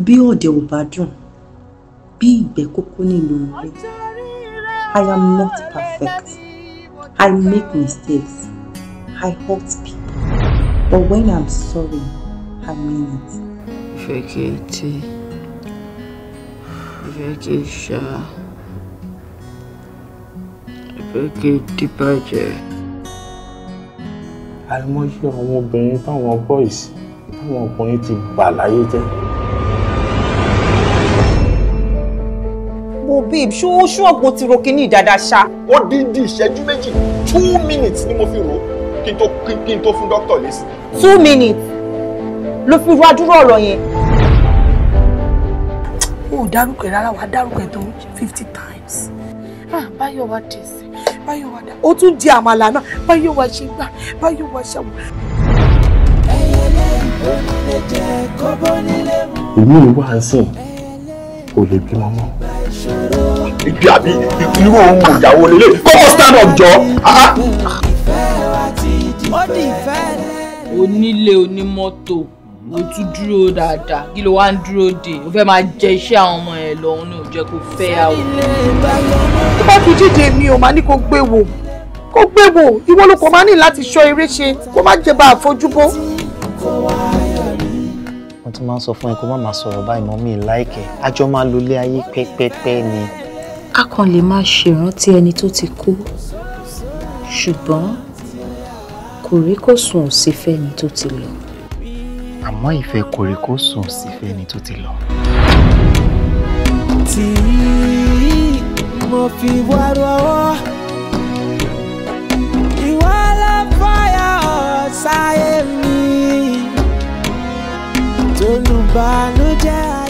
bí ọ̀dẹ̀ ò bá dùn bí ìgbẹ́ kókó nílò orí I am not perfect I make mistakes I hurt people but when I'm sorry I mean it. ìfẹ́ kì í tí ìfẹ́ kì í ṣá ìfẹ́ kì í dìbàjẹ́. àìmọye àwọn obìnrin báwọn boys báwọn ọkùnrin ti bà láyé jẹ́. wo babe ṣó o ṣó ọ̀pọ̀ ti ro kíní ìdáadáa ṣá. ó dín dín ìṣẹ́jú méjì two minutes ni mo fi rò kí n tó kí n tó fún dókítà lésì. two minutes ló fi ro adúrò ọ̀rọ̀ yẹn. o ò dárúkọ ẹ rárá wàá dárúkọ ẹ tó fifty times. ah báyọ̀ wá dé sí báyọ̀ wá dá o tún di àmàlà náà báyọ̀ wá ṣe gbà báyọ̀ wá ṣe wà. èmi ò wá sìn kò lè bímọ mọ́. ìgbé àbí irú òun ò yàwó lélẹ̀ stand up jọ. Ah, ah. onílé onímọ́tò o tún dúró dáadáa kí ló wá ń dúró dè o fẹ́ máa jẹ iṣẹ́ àwọn ọmọ ẹ̀ lọ́hún ni ò jẹ́ kó fẹ́ àwọn. tó bá fi jíjẹ mi ò máa ní kó gbé wò kó gbé wò ìwọ ló kò máa ní láti ṣọ́ eré ṣe kó má jẹ bá àfojúbó wọ́n ti máa ń sọ fún ẹ kó má máa sọ̀rọ̀ báyìí mọ́ mi láìkẹ́ àjọ máa lo ilé ayé pẹ́pẹ́pẹ́ ni. a kàn lè máa ṣèrántí ẹni tó ti kú ṣùgbọ́n kò rí kó sùn sí fẹ́ni tó ti lọ. àmọ́ ìfẹ́ kò rí kó sùn sí fẹ́ni tó ti lọ. tí mo fi wá rọ ọ́. tolùbánújẹ́.